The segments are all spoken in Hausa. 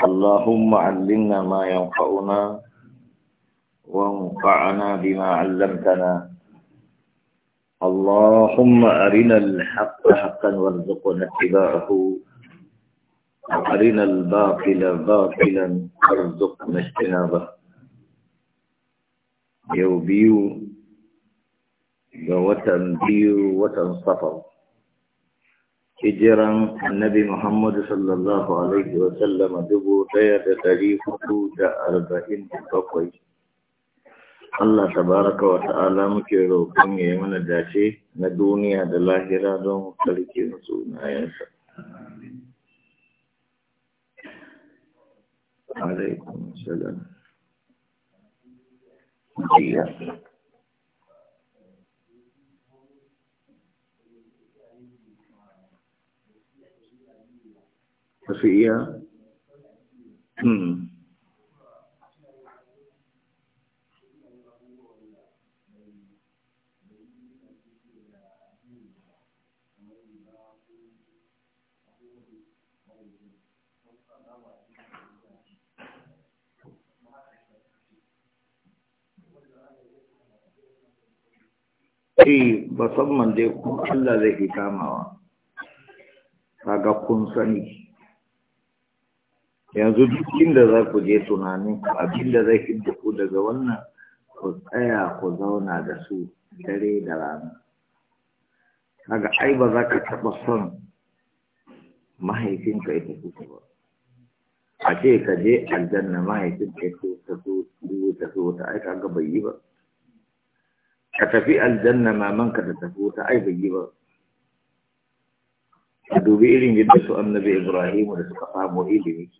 اللهم علمنا ما ينفعنا وانفعنا بما علمتنا اللهم أرنا الحق حقا وارزقنا اتباعه وأرنا الباطل باطلا وارزقنا اجتنابه يوبيو بيو ga hijiran annabi muhammad sallallahu Alaihi wasallama dubu ɗaya da ɗari hudu da arba'in da bakwai. Allah tabaraka wa ta'ala muke roƙon ya yi mana dace na duniya da lahira don sarkin sunayensa. Alaikun salam. Yeah. ba su iya Eh, musamman dai kun Allah zai fi kamawa, ga kun sani. yanzu duk inda za ku je tunanin ku abinda zai hidda ku daga wannan ku tsaya ku zauna da su dare da rana kaga ai ba za ka taɓa son mahaifinka ita kuka ba a ce ka je aljanna mahaifinka ita ta so dubu ta so ta aika ga bai yi ba ka tafi aljanna mamanka ta tafi ta ai bai yi ba ka dubi irin yadda su annabi ibrahimu da suka samu ilimi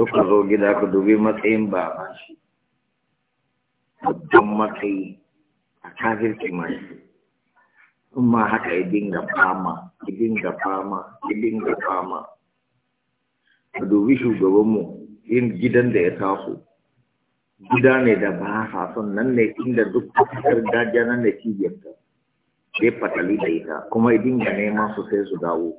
suka zo gida ka dubi matsayin baban shi babban matsayi a kafirci mai in ma haka ya dinga fama ya dinga fama ya dinga fama ka dubi shugabanmu yin gidan da ya taso gida ne da ba sa son nan ne inda duk kasar dajiya nan ne cibiyarta ya fatali da ita kuma ya dinga neman su sai su dawo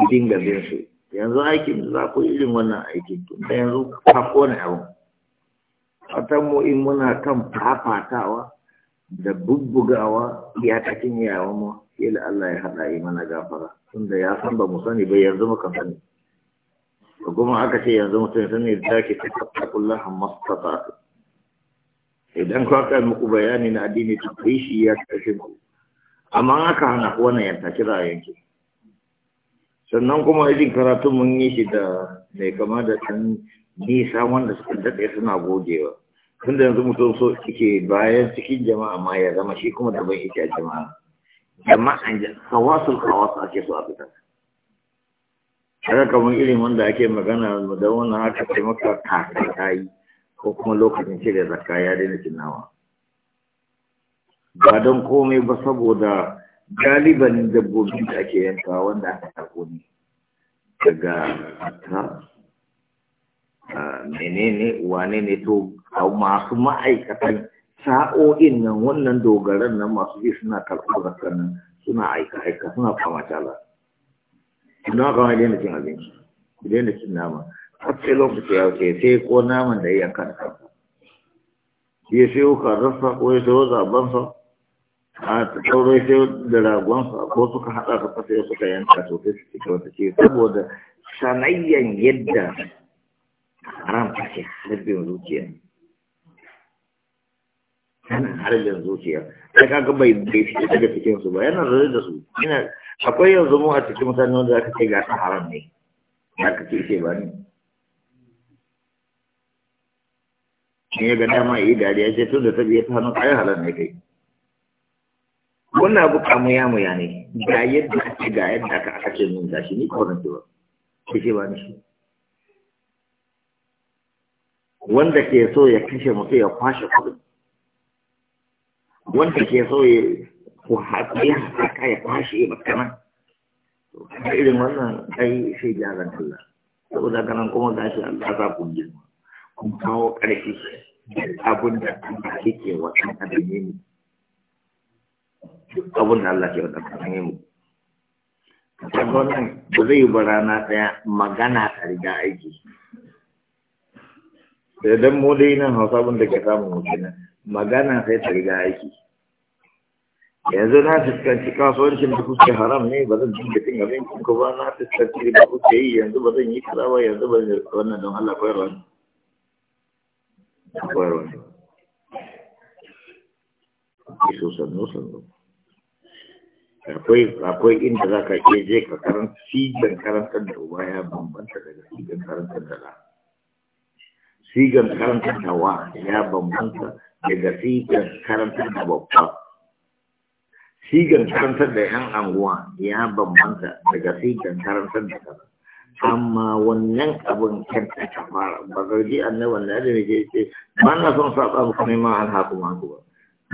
ya dinga bin yanzu aikin da za ku irin wannan aikin tun da yanzu ka kone abu fatan mu in muna kan fafatawa da bubbugawa iyakacin yawon mu ila Allah ya haɗa yi mana gafara tun da ya san ba mu sani ba yanzu muka sani kuma aka ce yanzu mutum sani da take ta kattakullah mastata idan ka kai muku bayani na addini ta kai shi ya kashe mu amma aka hana wannan ya tashi ra'ayin ki sannan kuma irin karatu mun yi shi da mai kama da ɗan nisa wanda suka daɗe suna gogewa tun yanzu mutum so ke bayan cikin jama'a ma ya zama shi kuma daban yake a jama'a jama'a kawasul kawasu ake so a fita haka kamar irin wanda ake magana da wannan haka ce maka kakai ta yi ko kuma lokacin da zakka ya daina cinnawa ba don komai ba saboda galiban dabbobin da ake yanka wanda aka tako ne daga ta menene wane ne to masu ma'aikatan sa'o'in nan wannan dogaran nan masu bi suna karɓar zakar nan suna aika-aika suna kamata tala suna kama da cin abinci idan da cin nama har sai lokaci ya wuce sai ko naman da ya yanka da kansa ya ka rasa ko ya sayo zabansa a tsoro sai da ragonsa ko suka haɗa su fasa suka yanka to sai su cika wata ce saboda sanayyan yadda haram take harbin zuciya yana harbin zuciya sai kaga bai bai fita daga cikin su ba yana zaune da su yana akwai yanzu mu a cikin mutane wanda aka ce ga haram ne aka ce ce ba ni? in ya ga dama yi dariya ce tun da ta biya ta hannu ayi halar ne kai wannan abu ya mu yane ga yadda ake ga yadda aka aka ce mun gashi ni kawai zan ce ba ke ce ba ni shi wanda ke so ya kashe mutum ya kwashe kuɗi wanda ke so ya ku haƙi ya haƙa ya kwashe ya bakana da irin wannan ai sai gyaran Allah saboda ganin kuma shi Allah za ku girma kun kawo ƙarfi abin da Allah wa ɗan adam ne abun da Allah ke wata kasance mu Kasar wannan ba zai yi rana ɗaya magana a riga aiki da dan mu dai nan hausa abun da ke samun mu nan, magana sai ta riga aiki yanzu na fuskanci kasuwancin da kuke haram ne ba zan dinga cin abincin ku ba na fuskanci da kuke yi yanzu ba zan yi kaza ba yanzu ba zan wannan don Allah koyarwa ne koyarwa ne sannu sannu akwai akwai inda za ka ke je ka karanta sigan karantar da uba ya bambanta daga sigan karantar da ɗa sigan karantar da wa ya bambanta daga sigan karantar da babba sigan karantar da yan anguwa ya bambanta daga sigan karantar da kaza amma wannan abin kyanta ta fara ba zargi annabi wanda ya da ne ke ce ba na son sa tsamu kuma ma an haku ma ku ba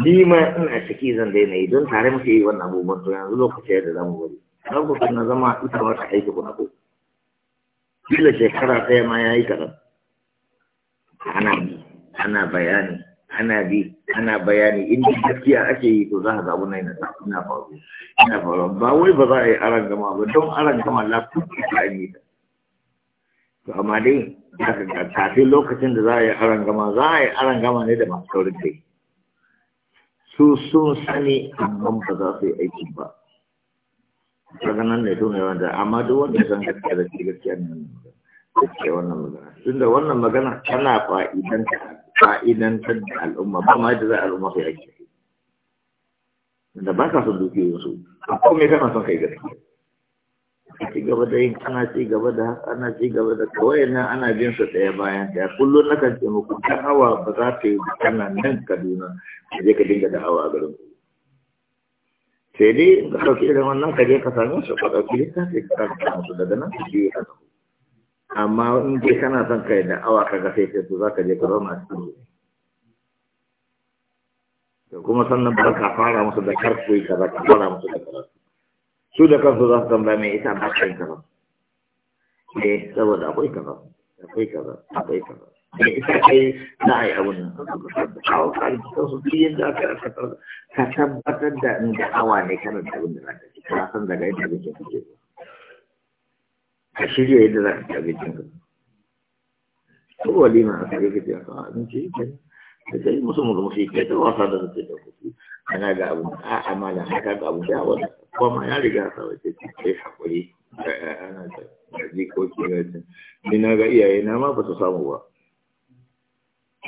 ni ma ina ciki zan daina yi don tare muke yi wannan abubuwan to yanzu lokaci yadda za mu bari ku na zama ita wata ta aiki kuna ko kila shekara ɗaya ma ya yi kaɗan ana bi ana bayani ana bi ana bayani in ji gaskiya ake yi to za ka zaɓi yi na ina faru ina faru ba wai ba za a yi aran gama ba don aran gama lafi ta yi ta to amma dai kafin lokacin da za a yi aran gama za a yi aran gama ne da masu saurin kai su sun sani amma ba za su yi aiki ba daga nan ne tun wanda amma duk wanda san gaskiya da ke gaskiya ne gaskiya wannan magana tunda wannan magana tana fa'idan fa'idan ta da al'umma ba ma yadda za al'umma su yi aiki da ba ka son dukiyoyinsu akwai me kana son kai gaskiya a ci gaba da yin ana ci gaba da haka ana ci gaba da kawai nan ana bin su ɗaya bayan ɗaya kullum na kan taimako ta awa ba za ta yi kana nan kaduna ka je ka dinga da awa a garin sai dai ka ɗauki irin wannan ka je ka same su ka ɗauki littafi ka same su daga nan su je ka amma in dai kana son kai da awa ka ga sai su za ka je ka zauna a cikin kuma sannan ba ka fara musu da karfi ka za ka fara musu da karfi su da kansu za su tambaya mai isa ba ka yi kaza ne eh, saboda akwai kaza akwai kaza akwai kaza isa ita yi za a yi abin kawo kari su yin da aka rasa ka tabbatar da in da awa ne kana da abin da za ka ci san daga yadda ke ka ke ka shirya yadda za ka ci abincin ka ko walima a sarki ka ce abinci kenan da yi musu murmushi kai ta wasa da su da kusu ana ga abu a amala haka ga abu da wani kuma ya riga sa wace ce sai hakuri da eh, eh, ana da jikoki na cin ni na ga iyaye na ma ba su samu ba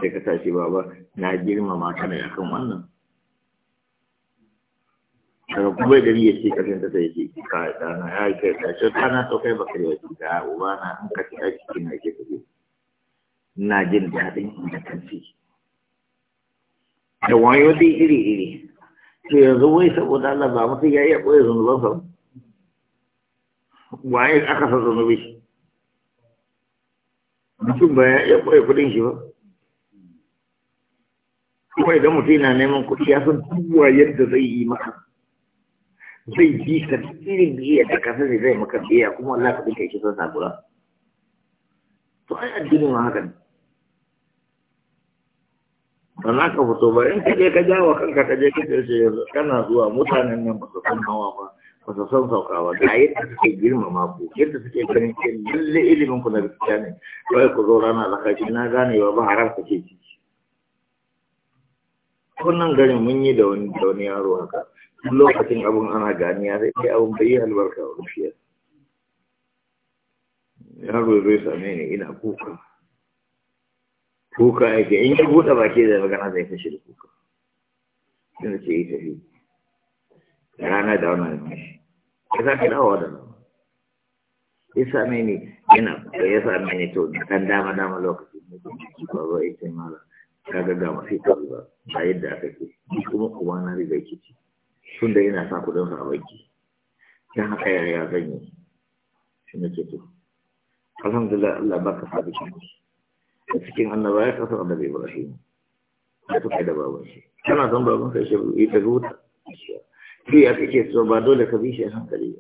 sai ka tashi baba na girmama ka ne akan wannan daga kuma gari ya ce kasan ta sai ce ka na ya kai ta ce na to kai bakai yi wa ta uba na an ka ci aiki na ke tafi ina jin daɗin da kan ci da wayoyi iri-iri to yanzu wai saboda Allah ba mutu ya iya ɓoye zunubansa waye aka sa zunubi mutum ba ya iya ɓoye kudin shi ba kuma idan mutum yana neman kudi ya san tuwa yadda zai yi maka zai ji ka irin da iya daga sani zai maka biya kuma Allah ka dinka shi san sakura to ai addinin ma haka ne ba ka fito ba in ka je ka wa kanka ka je ka ce kana zuwa mutanen nan ba su san hawa ba ba su san sauka ba ga yadda suke girmama ku yadda suke ganin ke lalle ilimin ku na gaskiya ne kawai ku zo rana tsakaci na ganewa ba haram ku ke ciki wannan garin mun yi da wani da wani yaro haka duk lokacin abun ana ganiya sai sai abun bai yi albarka wa rufiyar yaro zai same ni ina kuka kuka yake in ya buɗe baki da magana zai fashe da kuka yana ce yi tafi rana da wannan mashi ya sa ki dawo da Ya sa same ni yana ya mai ne to dan dama dama lokaci ne ba ba ita mara, kaga ga mafi ka ba ba yadda aka ce. ni kuma kuma na riga ci tun da yana sa kudin sa a Ya haka ya zan yi shi na ce to alhamdulillah Allah baka sabi shi cikin annaba ya kasar annabi ibrahim ya suka yi da baban shi kana son baban sai shi yi ta zuta shi ya kake so ba dole ka bi shi a hankali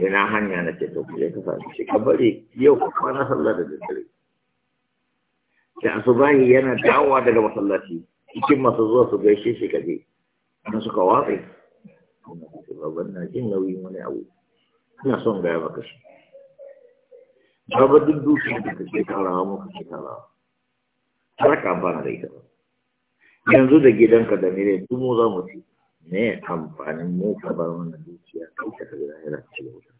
ina hanya na ce to ku je ka sa shi ka bari yau ka kwana sallah da daddare da asubahi yana dawowa daga masallaci cikin masu zuwa su gaishe shi kaje na suka watsa baban na jin nauyin wani abu ina son gaya maka shi Raba duk dukiyar da kake tarawa muka ke tarawa. Har ka amfana da ita ba. Yanzu da gidanka da mere duk mu za mu ci. Me amfanin mu ka bar mana dukiya kai ka ga yana ce wuta.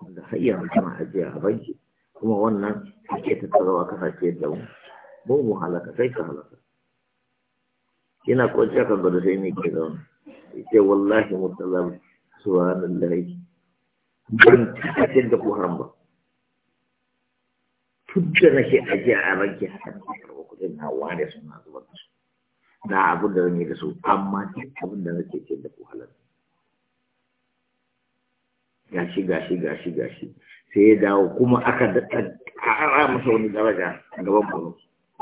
Wanda har yanzu kana ajiya a banki kuma wannan kake tattarawa kasashe da mu. Mu mu halaka kai ka halaka. Yana kwanciya ka gwada sai ne ke zaune. Ita wallahi mutalar na lahi. Ban cikin da ku haram ba. duk da nake ajiya a banki haka nake karɓar kuɗin na ware suna zubar da su na abin da zan yi da su amma duk abin da nake ce da ku halar gashi gashi gashi gashi sai ya dawo kuma aka daɗa ƙara masa wani daraja a gaban kuma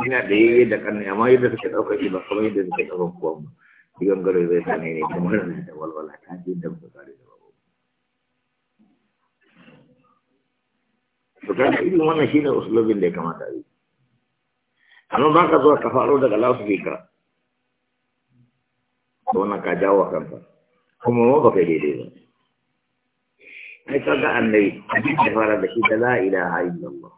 ina da yi da ƙarni amma yadda suke ɗaukar shi ba kamar yadda suke ɗaukar kuwa ba shi zai sa ne kamar da walwala ta ce da ba da to kaga irin wannan shi ne usulobin da ya kamata a yi amma ba ka zuwa ka faro daga lasufika to wannan ka jawo kanka kuma ma ba kai daidai ba ai kaga annabi abin da fara da shi da la ilaha illallah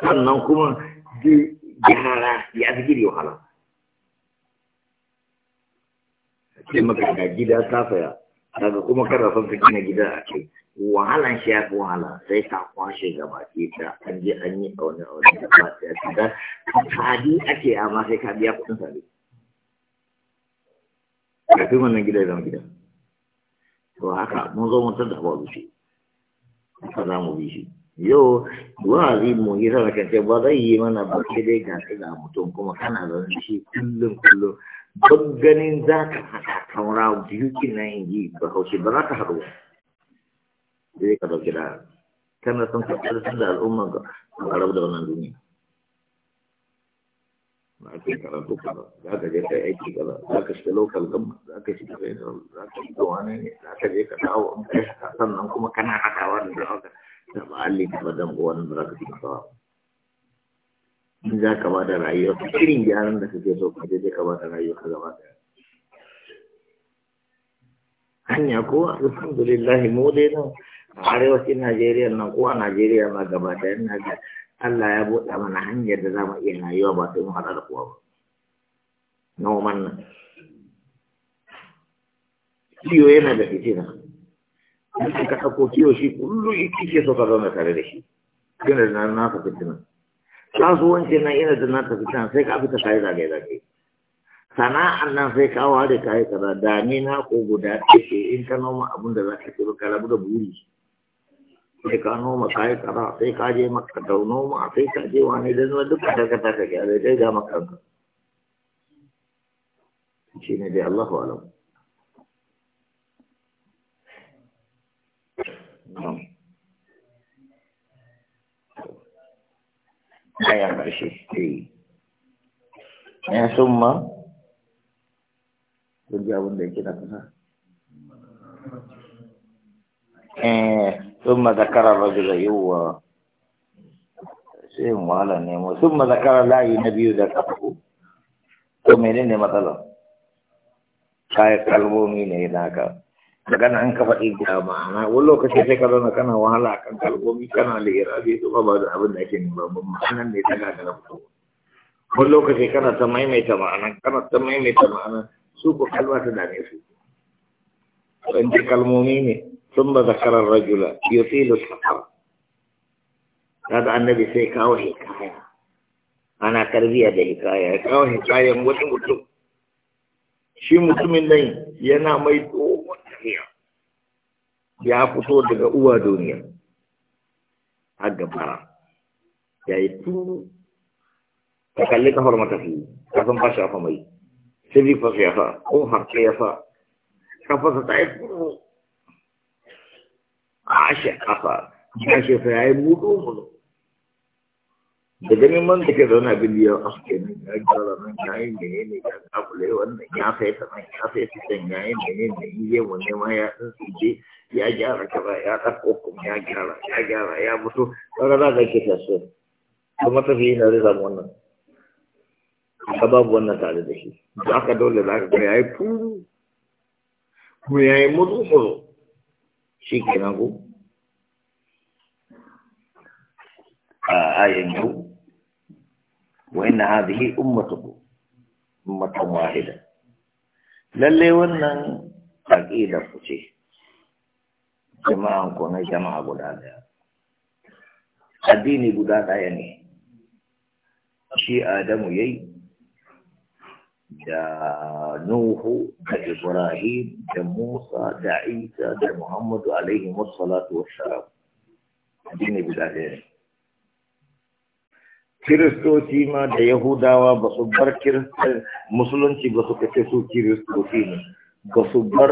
sannan kuma ji jihara ya zikiri wahala sai maka ga gida ta saya daga kuma kada son ka gina gida a kai wahalan shi ya fi wahala sai ka kwashe gaba ke ta an je an yi aure a da ba ta cikin da fadi ake amma sai ka biya kuɗin fadi kafin wannan gida zama gida to haka mun zo mutar da abuwa zuci haka za mu bi shi yau wa'azi mu yi sana kan ce ba zai yi mana ba ke dai ga ga mutum kuma kana zanen shi kullum kullum ban ganin za ka haka kamar biyu kinan yi ba haushi ba za ka haɗu ba sai ka dauki da kana son ka da al'umma ga karab da wannan duniya karatu za ka je ka yi aiki kaza za ka shiga local government za ka shiga federal za ka yi wani ne za ka je ka dawo an kai ka sannan kuma kana haɗawa da haka da ba alli ka da za ka shiga kawa za ka ba da rayuwa gyaran da kake so ka je ka ba da rayuwa ka gaba hanya ko alhamdulillah mu arewacin Najeriya nan ko a Najeriya ma gaba da yan Najeriya Allah ya buɗa mana hanyar da za mu iya rayuwa ba sai mun haɗa da kowa ba. Noman nan. Kiyo yana da fitina. Mutum ka ɗauko kiyo shi kullum kike so ka zauna tare da shi. Yana da nasa fitina. Kasuwanci nan yana da nasa fitina sai ka fita kayi zagaye-zagaye. sana'an nan sai ka ware ka yi kaza da ni na ko guda ɗaya in ka noma abin da za ka ci ka rabu da buri sai ka noma kayi kara sai ka je maka da noma sai ka je wani da zuwa duk da ka taka gyara sai ga maka ka shi ne dai Allahu alam aya karshe ne ya summa kun ji abin da yake da kusa eh ثم ذكر الرجل يو سيم ولا نيمو ثم ذكر لا نبي ذكره to menene matsalar kayan kalmomi ne ka magana an ka faɗi da ma'ana wani lokaci sai ka zauna kana wahala a kan kalmomi kana lera bai zuba ba da abin da ake nema ba ma'anan ne ta gagara mutum wani lokaci kana ta maimaita ma'ana kana ta maimaita ma'ana su ko kalma ta dame su in kalmomi ne ثم ذكر الرجل يطيل السفر هذا النبي سيكاو حكاية أنا تربية ده حكاية كاو حكاية موت موت shi mutumin nan yana mai dogon tafiya ya fito daga uwa duniya a gabara ya yi turu ka kalli kafar matafi kafin fashi famai sai ya ko ya ashe kafa gashi sai yayi mudu mudu da gani man da ke zauna a yau a suke nan ya gyara nan ya yi mene ne ya kafule wannan ya fesa ta nan ya sai ta can ya yi mene ne yi je wanne ma ya san su je ya gyara kaba ya ɗauko kuma ya gyara ya gyara ya mutu kaga za ka ke tasiri kuma tafiye na zai wannan ka babu wannan tare da shi za ka dole za ka ga ya yi kuma ya yi mutu mutu shi kenan ku. آية جو وإن هذه أمته أمة واحدة للي ونن تقيد فشي جماعة كون جماعة بلادة الدين بلادة يعني شي آدم يي دا نوح دا إبراهيم دا موسى دا عيسى دا محمد alaihi الصلاة والسلام الدين بلادة يعني kiristoci ma da yahudawa ba su bar musulunci ba su kace su kiristoci ne ba su bar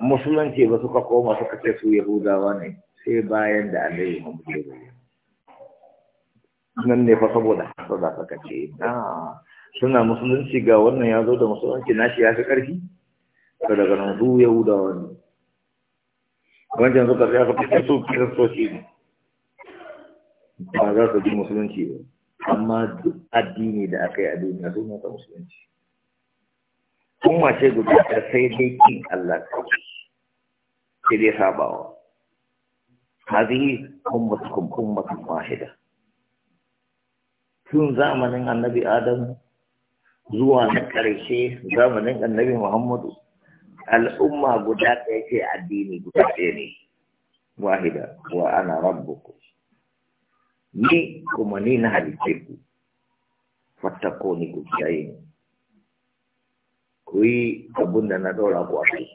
musulunci ba suka koma su kace su yahudawa ne sai bayan da alayhi muhammad nan ne fa saboda hasada ka ce na suna musulunci ga wannan ya zo da musulunci nashi ya fi ƙarfi to daga nan su yahudawa ne wancan suka tsaya suka ce su kiristoci ne ba za su ji musulunci ba amma addini da aka yi a duniya su mata musulunci kun mace guda ta sai dai kin Allah kawai sai dai sabawa hazihi ummatukum ummatun wahida tun zamanin annabi adam zuwa na karshe, zamanin annabi muhammadu al'umma guda ɗaya ce addini guda ɗaya ne wahida wa ana rabbukum ni kuma ni na halice ku fattako ni ku kiyaye ni ku yi na dola ku a kai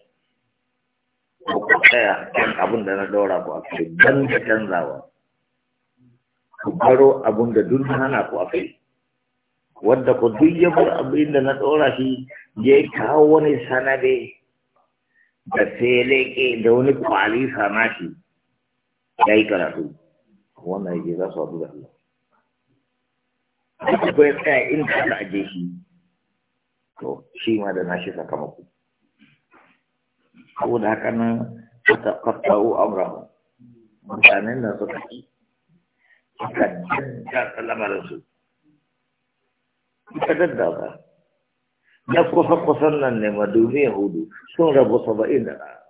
ko ku kan abin na dola ku a kai da canzawa ku baro abin da duk hana ku wadda ku duk ya bar abin na ɗora shi ya kawo wani sanade da sai leƙe da wani kwali sana shi ya yi karatu wannan yake za su haɗu da Allah duk bai tsaya inda aka aje shi to shi ma da nashi sakamako saboda haka nan suka fattau amrahu mutanen nan suka yi suka danta lamarinsu suka danta na kusa-kusan nan ne ma duniya hudu sun rabu saba'in da ɗaya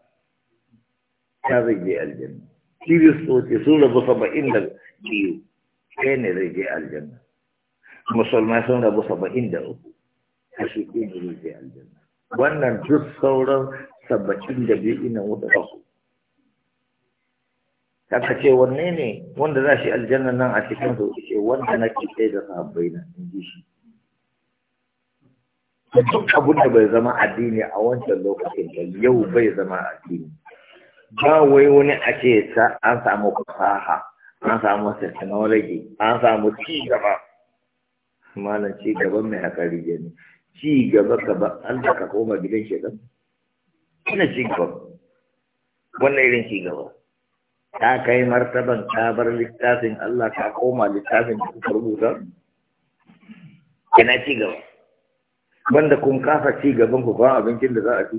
ta zai je aljanna kiristoci sun rabu saba'in da biyu ɗaya ne zai je aljanna musulmai sun rabu saba'in da uku kashi ɗaya ne zai je aljanna wannan duk sauran saba'in da biyu ina wuta ba su kaka ce wanne ne wanda za shi aljanna nan a cikin su ce wanda na ke kai da sahabbai na in ji shi duk abun da bai zama addini a wancan lokacin da yau bai zama addini ba wai wani a ce an samu fasaha an samu technology an samu ci gaba malam ci gaba mai hakari ne ci gaba ka ba an da ka koma gidan shekan ina ci gaba wannan irin ci gaba ta kai martaban ta bar littafin Allah ka koma littafin da kuka rubuta ina ci gaba wanda kun kafa ci gaban ku ba abincin da za a ci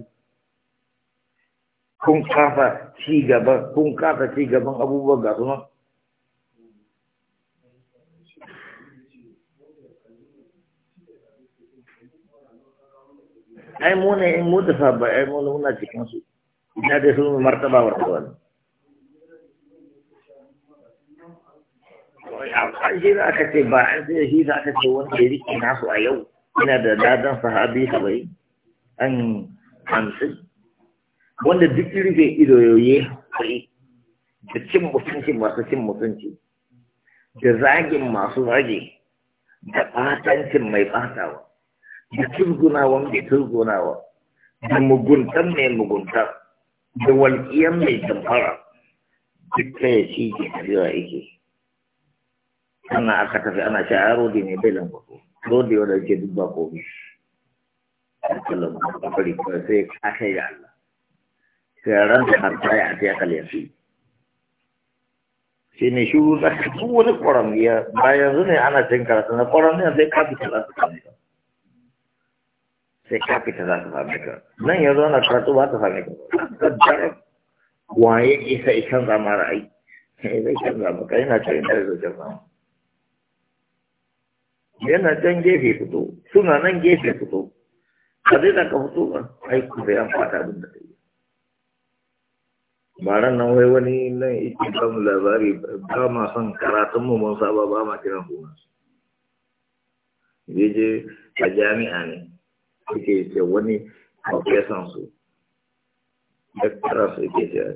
kun kafa ci gaba kun ci gaban abubuwan ga sunan ai mu ne in mu fa ba ai mu ne muna cikin su ina da sun martaba wartawa ne an shi da aka ce ba an ce shi da aka ce wanda ya rike nasu a yau ina da dadan sahabi sabai an hamsin wanda duk rufe ido yoye haƙuri da cin mutunci masu cin mutunci da zagin masu zage da ɓatancin mai ɓatawa da turgunawa mai turgunawa da muguntan mai mugunta da walƙiyan mai damfara duk ta ya ci ke tafiya yake ana aka tafi ana sha a rodi ne bai lambatu rodi wadda ke duk ba komi a kallon a farko sai ya kai da ran harta ya ta yakal yasi shi ne shi za ka duk wani ƙwararriya ba yanzu ne ana cin karatu na ƙwararriya sai ka fita za ta same ka sai ka fita za ta same ka nan yanzu ana karatu ba ta same ka ba waye isa ikan zama ra'ayi sai eh, zai canza maka yana can yana zai canza yana can gefe fito suna nan gefe fito ka zai da ka fito ba aiki bai an fata abin da ta yi baran nan wai wani nan ike ba mu labari ba ma son mu mun saba ba ma kiran kuma yaje a jami'a ne suke ce wani profesan su daktara su ke ce ya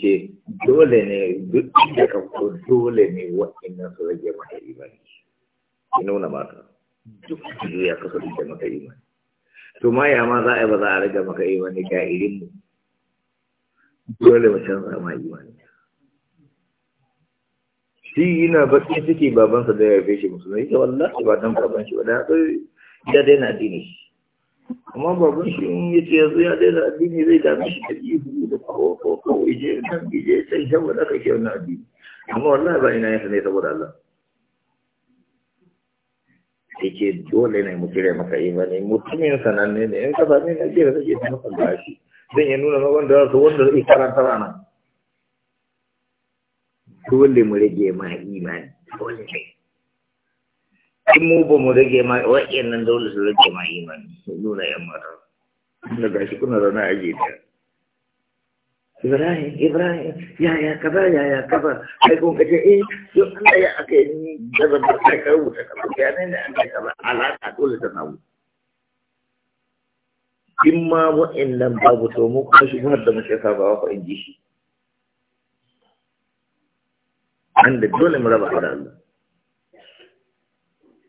ce dole ne duk da kanko dole ne wa'annan su rage maka imani ya nuna mata duk da ya kasance mata imani to ma ya ma za a yi ba za a rage maka imani ga irin dole mu canza ma imani shi yana bakin ciki babansa da ya haife shi musulmi ita shi ba don baban shi ba da ya daina addini shi amma baban shi in ya ce yanzu ya daina addini zai dami shi da ihu da kawo ko kawo ije kan ije sai saboda kake wannan addini amma wallahi ba ina yin ne saboda Allah sai ce dole ne mu kire maka imani mutumin sananne ne in ka na ke kira kake ta maka gashi zai iya nuna wanda da wasu wanda zai karanta rana dole mu rage ma imani dole ne in mu ba mu rage ma wa'in nan dole su rage ma imani su nuna yan mata da gashi kuna zaune a jita Ibrahim, Ibrahim, yaya kaza, yaya kaza, sai kun kace eh, yau Allah ya aka yi ni gaza ba sai ka rubuta kaza, ya ne ne aka kaza, alaka dole ta na samu. in ma wa'annan babu to mu kuma shubhar da muke sabawa ko in ji shi an da dole mu raba da Allah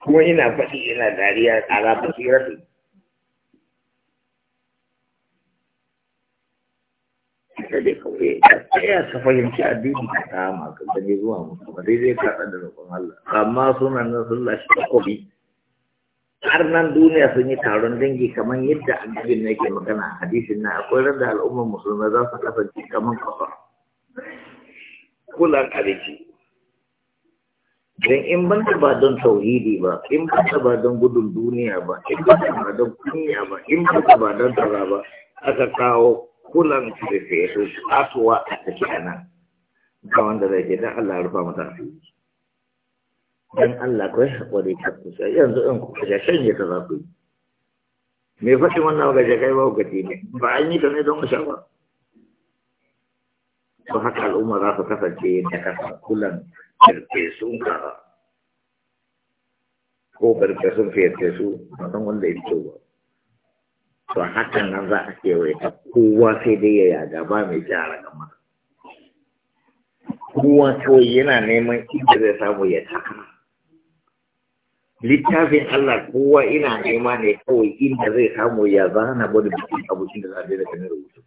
kuma ina faɗi ina dariya a rafa sirati sai dai kawai tsaya ta fahimci addini ta kama ka da zuwa mutu ba dai-dai ka da roƙon Allah amma suna nan sun lashe takobi nan duniya sun yi taron dangi kamar yadda annabi ne ke magana a hadisin na akwai randa al'ummar musulmai za su kasance kamar kafa kulan abinci don in ban ba don tauhidi ba in ban ba don gudun duniya ba in ban ba don kunya ba in ban ba don tara ba aka kawo kulan da sai ya a take a nan ga wanda zai ke don Allah ya rufa mata asiri dan Allah kai hakuri ka kusa yanzu in ku kaje shanye ta za ku yi me fashi wannan gaje kai ba ku ne ba an yi ta ne don sha ba to haka al'umma za su kasance da kasa kulan kirkesun ka ko kirkesun fiyarkesu a san wanda ya ce ba to haka nan za a kewaye ta kowa sai dai ya yaga ba mai jara gama kowa kawai yana neman inda zai samu ya taka littafin Allah kowa ina nema ne kawai inda zai samu ya zana wani bikin abokin da za a daina ganin rubutu.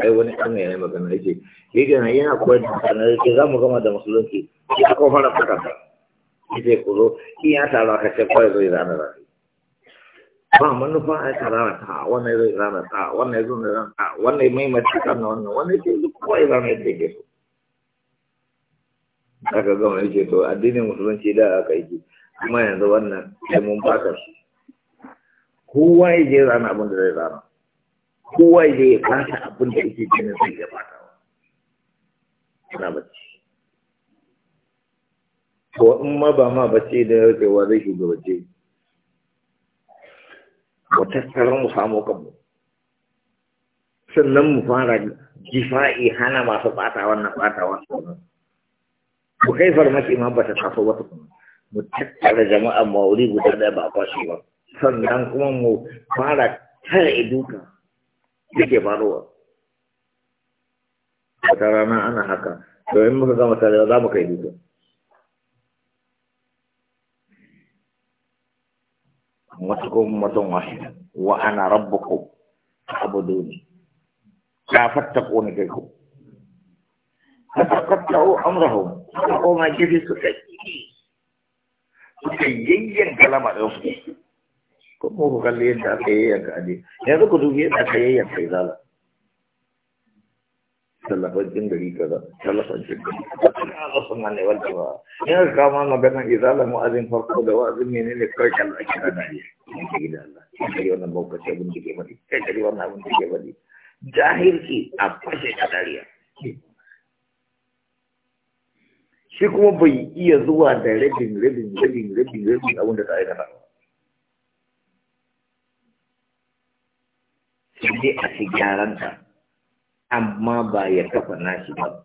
Kai wani kan yana magana yake, yi gana yana koyar da mutane yake za mu gama da musulunci, ya kawo fara fata ba. Ita ku zo, in ya taru aka ce kawai zai zana rafi. Ba manufa a karara ta, wannan zai zana ta, wannan zai zana ta, wannan mai mace kan wannan, wannan ke duk kawai zana yadda ke so. aka gama yake to addinin musulunci da aka yi kuma yanzu wannan sai mun fata shi kowa ya je rana abin da zai rana kowa ya je ya fata abin da yake jini zai ya fata ana bacci to in ma ba ma bacci da ya wa zai bacci? wata tsaron mu samu kanmu sannan mu fara jifa'i hana masu ɓata wannan ɓata wannan mu kai farmaki ma ba ta taso wata kuma mu tattara jama'a mauri guda ɗaya ba a kwashe ba sannan kuma mu fara tara iduka yake faruwa wata rana ana haka to in muka gama tare za mu kai duka matukum matun wahida wa ana rabbukum abuduni la fattaquna kaykum fataqatta'u amrahum suka koma gidi suka yi suka yayyan kalama ɗin su kuma ku kalli yadda aka yayyanka aje yanzu ku dubi yadda aka yayyanka izala talafancin gari kaza talafancin gari kaza sun ne wanda ba yana kama maganan izala mu'azin farko da wa'azin mene ne kawai kan a kira da ne ta gida Allah ta gari wannan baukaci abin da ke mari ta gari wannan abin da ke mari jahilci a fashe ta dariya shi kuma bai iya zuwa da rabin rabin rabin rabin rabin abin da ta aikata sai dai a gyaran ta, amma ba ya kafa nashi ba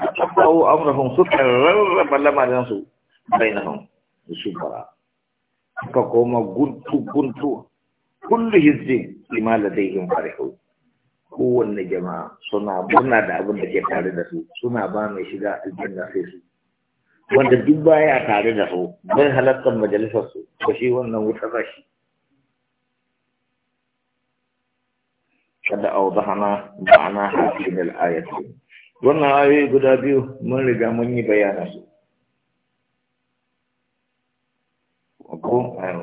tattaɓa'u amurahun suka rarraba lamarinsu bainahun su fara suka koma guntu-guntu kullu hizbin lima ladaihim farihun kowanne jama'a suna murna da abin da ke tare da su suna ba mai shiga aljanna sai su wanda duk baya tare da su bai halartar majalisar su ko shi wannan wuta ba shi kada a awdahana ma'ana hadhihi al-ayati wannan ayoyi guda biyu mun riga mun yi bayanan su ko eh,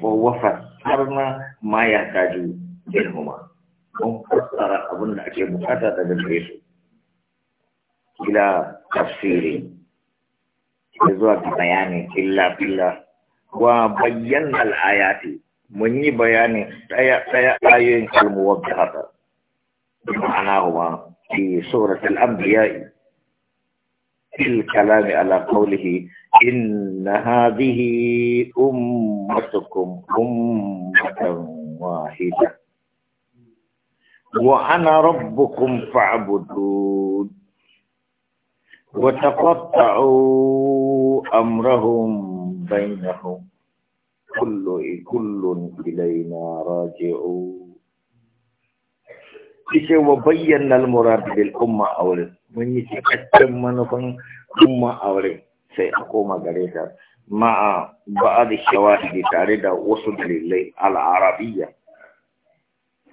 ko wafa harna ma ya kaju girmama. mun fassara abin da ake bukata daga gare su ila tafsiri ya zuwa ga bayani illa filla wa bayyana al'ayati mun yi bayanin ɗaya ɗaya ayoyin kalmuwar da haka ma'ana kuma fi suratul anbiya'i fil kalami ala qawlihi inna hadhihi ummatukum ummatan wahidah وأنا ربكم فاعبدون وتقطعوا أمرهم بينهم كل كل إلينا راجعون Ishe wa bayyana al-murad bil umma aure mun yi cikakken manufan umma aure sai a koma gare ta ma'a ba'ad shawahidi tare da wasu dalilai al-arabiyya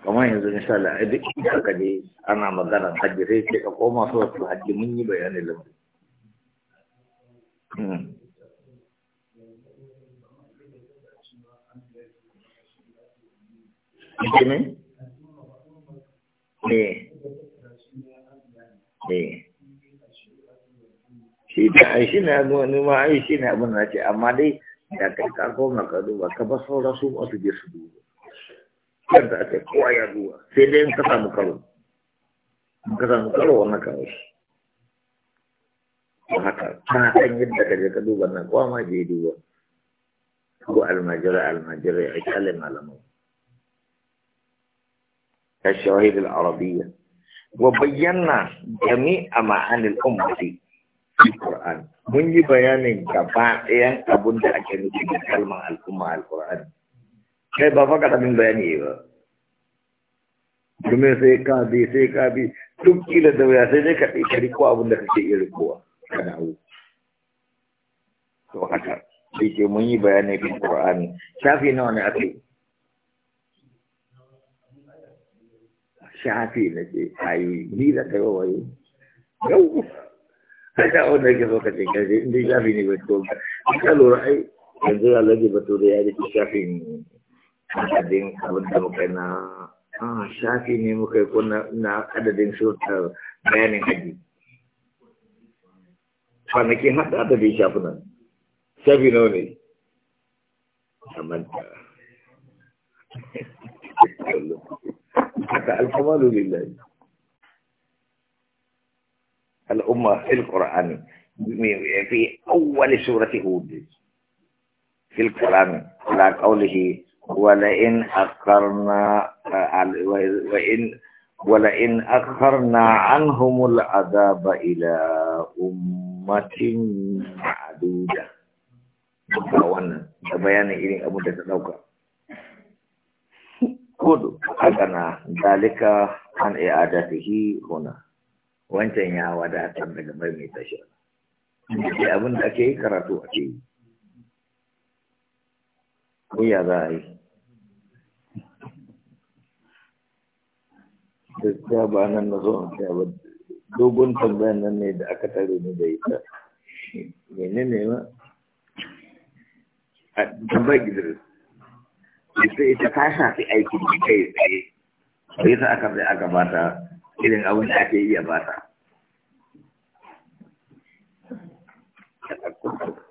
kamar yanzu misali a duk inda ka je ana maganar hajji sai ce ka koma su hajji mun yi bayanin hmm. Shi ne wani ma abin da ce amma dai da kai ka koma ka duba ka ba sauransu su je su duba. kada a ce kowa ya zuwa sai dai in ka samu karo in ka samu karo wannan kawo shi ko haka kana san yadda ka je ka duba nan kowa ma je duba ko almajirai almajirai a kyalin malamai كالشواهد العربية وبينا جميع معاني الأمة في القرآن من بيان كفاء أبن أكلمة كلمة الأمة القرآن kai ba faka karamin bayani ba kuma sai ka bi sai ka bi duk kila da waya sai dai ka ɗi kari ko abin da kake iya rikowa ka dawo to haka sai ke mun yi bayani kan qur'ani shafi nawa ne ake shafi na ce ayi ni da kai wa wayo yau haka wanda yake so ka ce kai inda shafi ne bai to ka lura ai yanzu to da ya rike ne. adadin abin da muka na shafi ne muka yi na adadin surtar bayanin haji kwanaki haɗa adadin shafunan shafi nawa ne samanta haka alkamalu lillahi al'umma fil qur'ani fi surati fil walain akharna wa in walain akharna anhumul adaba ila ummatin ma'duda kawan da bayani irin abu da ta dauka kudu agana dalika an i'adatihi huna wancan ya wadata daga mai mai tashi ne abin da ake karatu a cikin ko ya za yi gaskiya ba nan na zo in ba dogon tambayan nan ne da aka tare ni da ita mene ne ma a tambayar gidan ita ita ta shafi aikin da kai tsaye sai ta aka sai aka bata irin abin da ake iya bata Thank you.